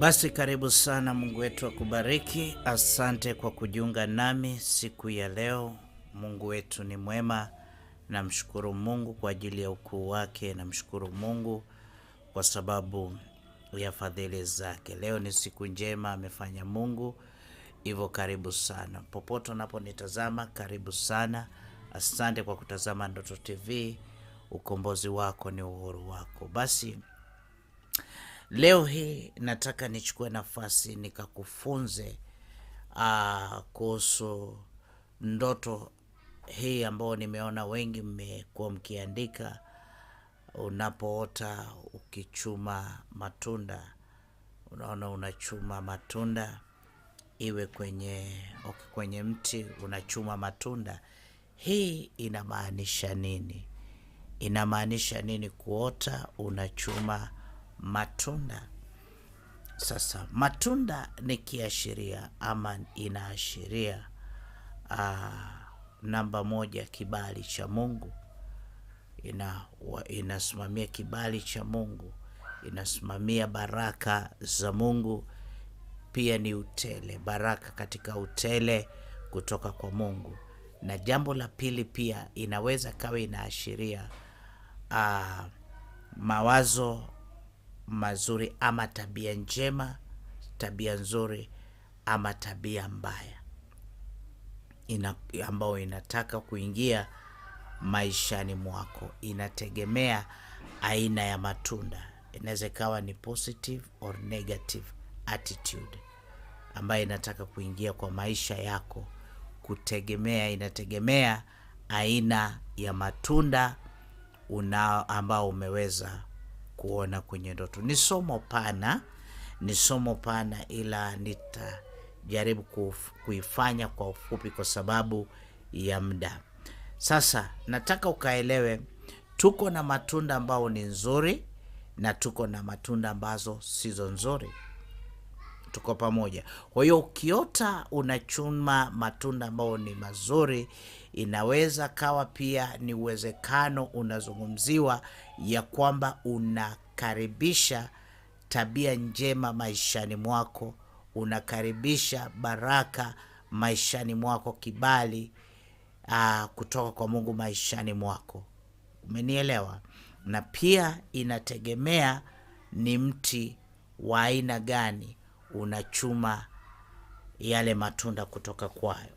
Basi karibu sana, Mungu wetu akubariki. Asante kwa kujiunga nami siku ya leo. Mungu wetu ni mwema, namshukuru Mungu kwa ajili ya ukuu wake, namshukuru Mungu kwa sababu ya fadhili zake. Leo ni siku njema amefanya Mungu, hivyo karibu sana popote unaponitazama, karibu sana. Asante kwa kutazama Ndoto TV. Ukombozi wako ni uhuru wako. Basi Leo hii nataka nichukue nafasi nikakufunze uh, kuhusu ndoto hii ambayo nimeona wengi mmekuwa mkiandika, unapoota ukichuma matunda. Unaona, unachuma matunda, iwe kwenye ok kwenye mti unachuma matunda. Hii inamaanisha nini? Inamaanisha nini kuota unachuma matunda. Sasa matunda ni kiashiria ama inaashiria aa, ah, namba moja, kibali cha Mungu. Ina, inasimamia kibali cha Mungu, inasimamia baraka za Mungu. Pia ni utele, baraka katika utele kutoka kwa Mungu. Na jambo la pili pia inaweza kawa inaashiria aa, ah, mawazo mazuri ama tabia njema, tabia nzuri ama tabia mbaya ina, ambayo inataka kuingia maishani mwako. Inategemea aina ya matunda, inaweza ikawa ni positive or negative attitude ambayo inataka kuingia kwa maisha yako, kutegemea, inategemea aina ya matunda unao ambao umeweza kuona kwenye ndoto. Ni somo pana, ni somo pana, ila nitajaribu kuifanya kwa ufupi kwa sababu ya muda. Sasa nataka ukaelewe, tuko na matunda ambao ni nzuri na tuko na matunda ambazo sizo nzuri. Tuko pamoja. Kwa hiyo ukiota unachuma matunda ambayo ni mazuri, inaweza kawa pia ni uwezekano unazungumziwa ya kwamba unakaribisha tabia njema maishani mwako, unakaribisha baraka maishani mwako, kibali aa, ah, kutoka kwa Mungu maishani mwako. Umenielewa? Na pia inategemea ni mti wa aina gani unachuma yale matunda kutoka kwayo.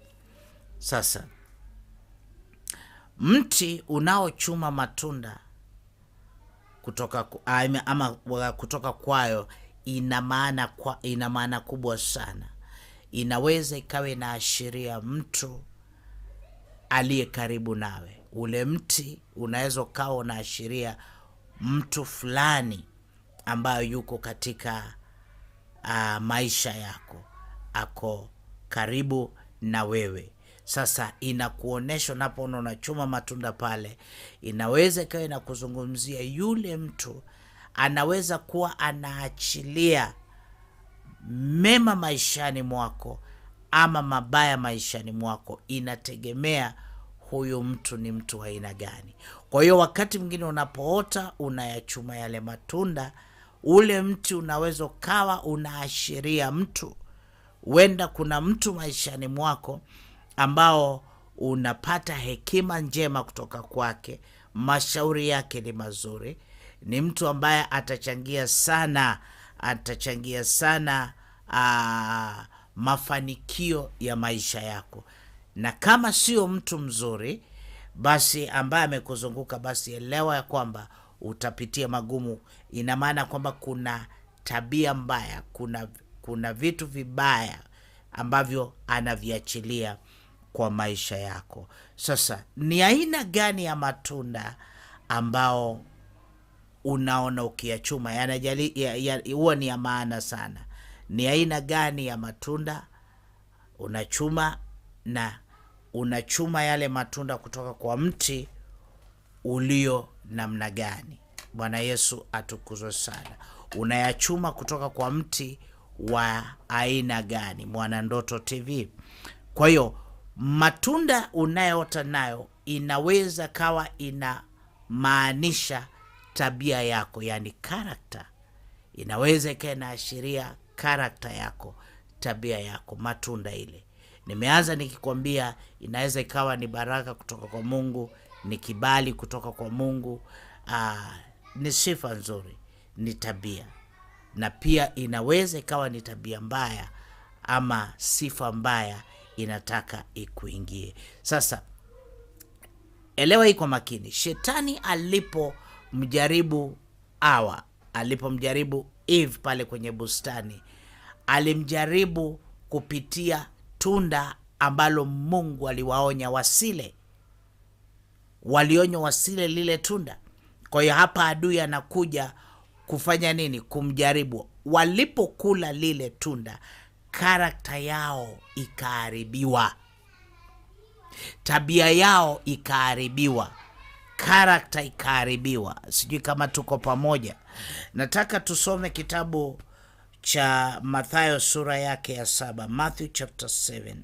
Sasa mti unaochuma matunda kutoka ah, ama kutoka kwayo ina maana kwa, ina maana kubwa sana. Inaweza ikawa inaashiria mtu aliye karibu nawe. Ule mti unaweza ukawa unaashiria mtu fulani ambayo yuko katika uh, maisha yako, ako karibu na wewe. Sasa inakuonesha unapoona unachuma matunda pale, inaweza ikawa inakuzungumzia yule mtu, anaweza kuwa anaachilia mema maishani mwako ama mabaya maishani mwako, inategemea huyu mtu ni mtu aina gani. Kwa hiyo wakati mwingine unapoota unayachuma yale matunda, ule mti unaweza ukawa unaashiria mtu, huenda kuna mtu maishani mwako ambao unapata hekima njema kutoka kwake. Mashauri yake ni mazuri, ni mtu ambaye atachangia sana, atachangia sana aa, mafanikio ya maisha yako, na kama sio mtu mzuri basi ambaye amekuzunguka basi elewa ya kwamba utapitia magumu. Ina maana kwamba kuna tabia mbaya, kuna kuna vitu vibaya ambavyo anaviachilia kwa maisha yako. Sasa ni aina gani ya matunda ambao unaona ukiyachuma yanajali ya, ya, huwa ni ya maana sana? Ni aina gani ya matunda unachuma, na unachuma yale matunda kutoka kwa mti ulio namna gani? Bwana Yesu atukuzwe sana. Unayachuma kutoka kwa mti wa aina gani? Mwanandoto TV. Kwa hiyo matunda unayoota nayo inaweza kawa inamaanisha tabia yako, yani karakta. Inaweza ikawa inaashiria karakta yako, tabia yako, matunda ile. Nimeanza nikikwambia inaweza ikawa ni baraka kutoka kwa Mungu, ni kibali kutoka kwa Mungu. Aa, ah, ni sifa nzuri, ni tabia, na pia inaweza ikawa ni tabia mbaya ama sifa mbaya inataka ikuingie. Sasa elewa hii kwa makini. Shetani alipomjaribu Hawa, alipomjaribu Eve pale kwenye bustani, alimjaribu kupitia tunda ambalo Mungu aliwaonya wasile. Walionywa wasile lile tunda. Kwa hiyo hapa adui anakuja kufanya nini? Kumjaribu. Walipokula lile tunda karakta yao ikaharibiwa, tabia yao ikaharibiwa, karakta ikaharibiwa. Sijui kama tuko pamoja. Nataka tusome kitabu cha Mathayo sura yake ya saba, Matthew chapter 7,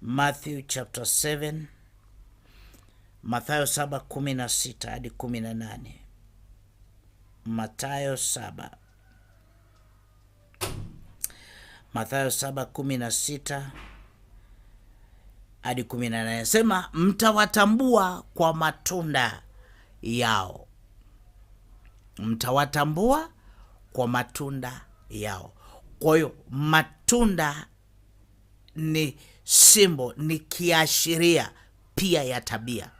Matthew chapter 7, Mathayo 716 hadi 18 matayo Mathayo Mathayo 7:16 hadi 18 inasema mtawatambua kwa matunda yao, mtawatambua kwa matunda yao. Kwa hiyo matunda ni simbo, ni kiashiria pia ya tabia.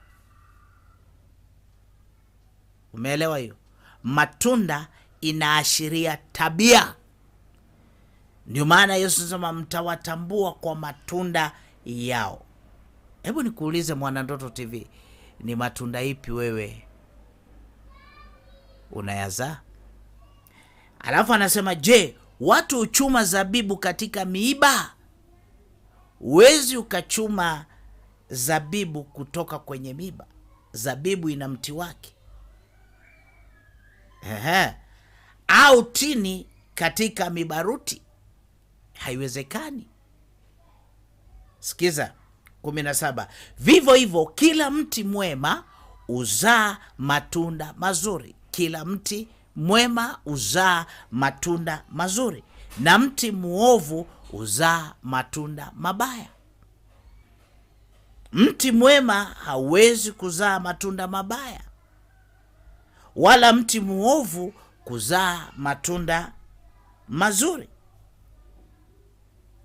Umeelewa hiyo? Matunda inaashiria tabia. Ndio maana Yesu anasema mtawatambua kwa matunda yao. Hebu nikuulize, mwana ndoto TV, ni matunda ipi wewe unayazaa? Alafu anasema je, watu huchuma zabibu katika miiba? Huwezi ukachuma zabibu kutoka kwenye miiba, zabibu ina mti wake. Ehe. Au tini katika mibaruti Haiwezekani. Sikiza kumi na saba. Vivyo hivyo kila mti mwema uzaa matunda mazuri, kila mti mwema uzaa matunda mazuri, na mti mwovu uzaa matunda mabaya. Mti mwema hauwezi kuzaa matunda mabaya, wala mti mwovu kuzaa matunda mazuri.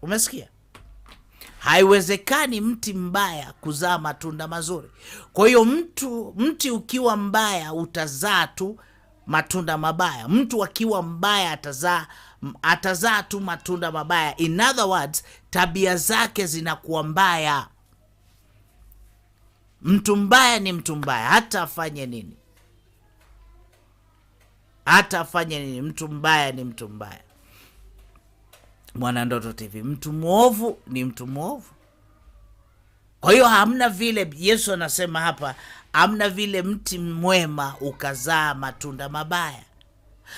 Umesikia? Haiwezekani mti mbaya kuzaa matunda mazuri. Kwa hiyo mtu mti ukiwa mbaya utazaa tu matunda mabaya. Mtu akiwa mbaya atazaa atazaa tu matunda mabaya. In other words, tabia zake zinakuwa mbaya. Mtu mbaya ni mtu mbaya, hata afanye nini, hata afanye nini, mtu mbaya ni mtu mbaya. Mwanandoto TV. Mtu mwovu ni mtu mwovu. Kwa hiyo hamna vile, Yesu anasema hapa, hamna vile mti mwema ukazaa matunda mabaya.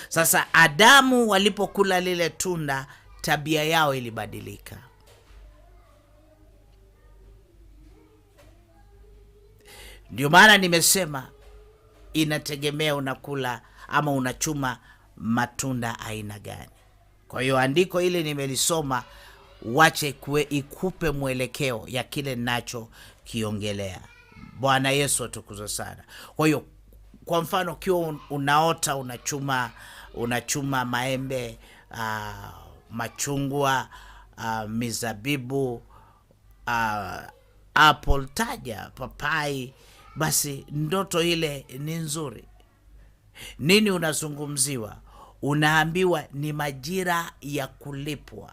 Sasa Adamu walipokula lile tunda, tabia yao ilibadilika. Ndio maana nimesema inategemea unakula ama unachuma matunda aina gani. Kwa hiyo andiko hili nimelisoma, wache kue ikupe mwelekeo ya kile nachokiongelea Bwana Yesu atukuzwe sana. Kwa hiyo kwa mfano, ukiwa unaota unachuma unachuma maembe, uh, machungwa, uh, mizabibu, uh, apple, taja papai, basi ndoto ile ni nzuri. Nini unazungumziwa? unaambiwa ni majira ya kulipwa,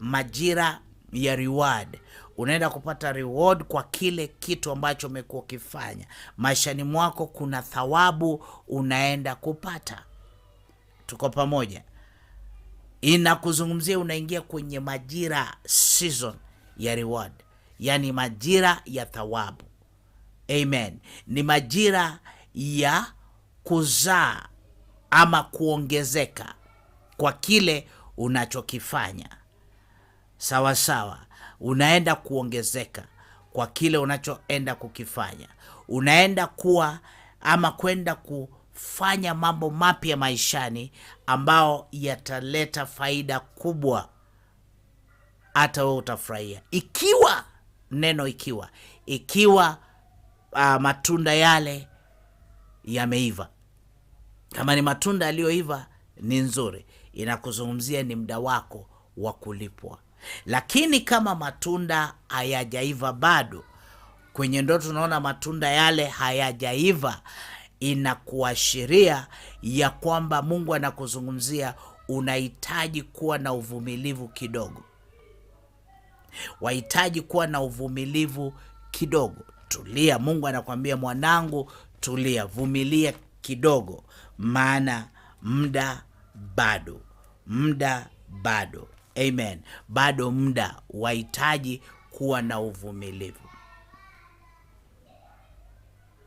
majira ya reward. Unaenda kupata reward kwa kile kitu ambacho umekuwa ukifanya maishani mwako. Kuna thawabu unaenda kupata. Tuko pamoja? Inakuzungumzia, unaingia kwenye majira season ya reward, yani majira ya thawabu. Amen, ni majira ya kuzaa ama kuongezeka kwa kile unachokifanya. Sawa sawa, unaenda kuongezeka kwa kile unachoenda kukifanya, unaenda kuwa ama kwenda kufanya mambo mapya maishani ambao yataleta faida kubwa, hata wewe utafurahia, ikiwa neno ikiwa ikiwa uh, matunda yale yameiva kama ni matunda yaliyoiva ni nzuri, inakuzungumzia ni muda wako wa kulipwa. Lakini kama matunda hayajaiva bado, kwenye ndoto tunaona matunda yale hayajaiva, inakuashiria ya kwamba Mungu anakuzungumzia unahitaji kuwa na uvumilivu kidogo, wahitaji kuwa na uvumilivu kidogo. Tulia, Mungu anakuambia mwanangu, tulia, vumilia kidogo, maana muda bado, muda bado. Amen, bado muda. Wahitaji kuwa na uvumilivu.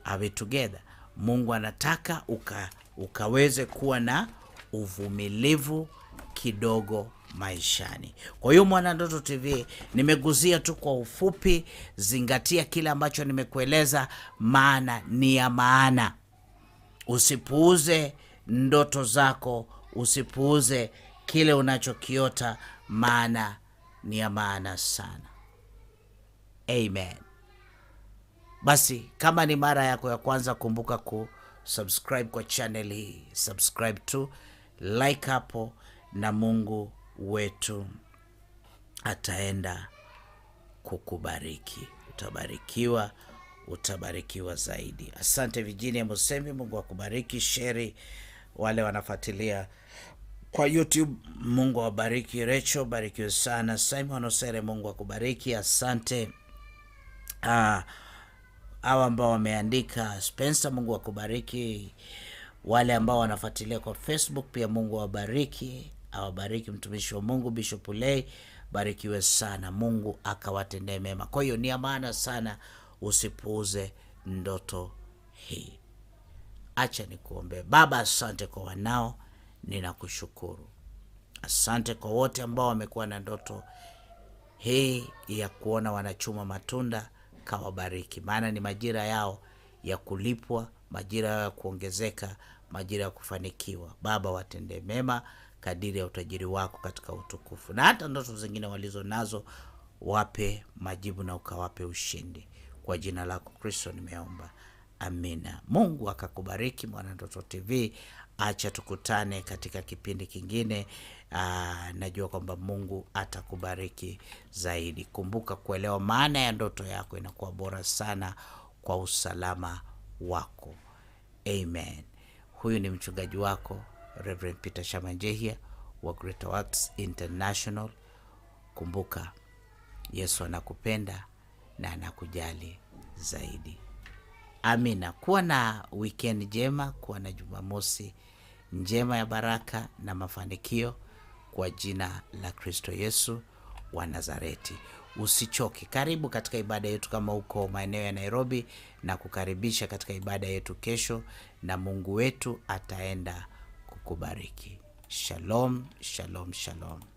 Are we together? Mungu anataka uka, ukaweze kuwa na uvumilivu kidogo maishani. Kwa hiyo Mwanandoto TV nimeguzia tu kwa ufupi, zingatia kile ambacho nimekueleza, maana ni ya maana. Usipuuze ndoto zako, usipuuze kile unachokiota, maana ni ya maana sana. Amen. Basi kama ni mara yako ya kwanza, kumbuka kusubscribe kwa channel hii, subscribe tu, like hapo, na Mungu wetu ataenda kukubariki, utabarikiwa utabarikiwa zaidi. Asante Virginia Musemi, Mungu akubariki. Sheri wale wanafuatilia kwa YouTube, Mungu awabariki. Recho, barikiwe sana. Simon Osere, Mungu akubariki. Asante hawa ah, ambao wameandika. Spencer, Mungu akubariki. Wale ambao wanafuatilia kwa Facebook pia, Mungu awabariki, awabariki mtumishi wa Mungu Bishop Lei, barikiwe sana. Mungu akawatendee mema. Kwa hiyo ni amana sana usipuuze ndoto hii. Acha nikuombee. Baba, asante kwa wanao, ninakushukuru. Asante kwa wote ambao wamekuwa na ndoto hii ya kuona wanachuma matunda, kawabariki, maana ni majira yao ya kulipwa, majira yao ya kuongezeka, majira ya kufanikiwa. Baba, watendee mema kadiri ya utajiri wako katika utukufu, na hata ndoto zingine walizo nazo wape majibu na ukawape ushindi. Kwa jina lako Kristo nimeomba, amina. Mungu akakubariki Mwanandoto TV. Acha tukutane katika kipindi kingine. Aa, ah, najua kwamba Mungu atakubariki zaidi. Kumbuka, kuelewa maana ya ndoto yako inakuwa bora sana kwa usalama wako. Amen. Huyu ni mchungaji wako Reverend Peter Shamanjehia wa Greater Works International. Kumbuka Yesu anakupenda na anakujali zaidi. Amina. Kuwa na wikendi njema, kuwa na Jumamosi njema ya baraka na mafanikio kwa jina la Kristo Yesu wa Nazareti. Usichoke, karibu katika ibada yetu kama uko maeneo ya Nairobi, na kukaribisha katika ibada yetu kesho, na Mungu wetu ataenda kukubariki. Shalom, shalom, shalom.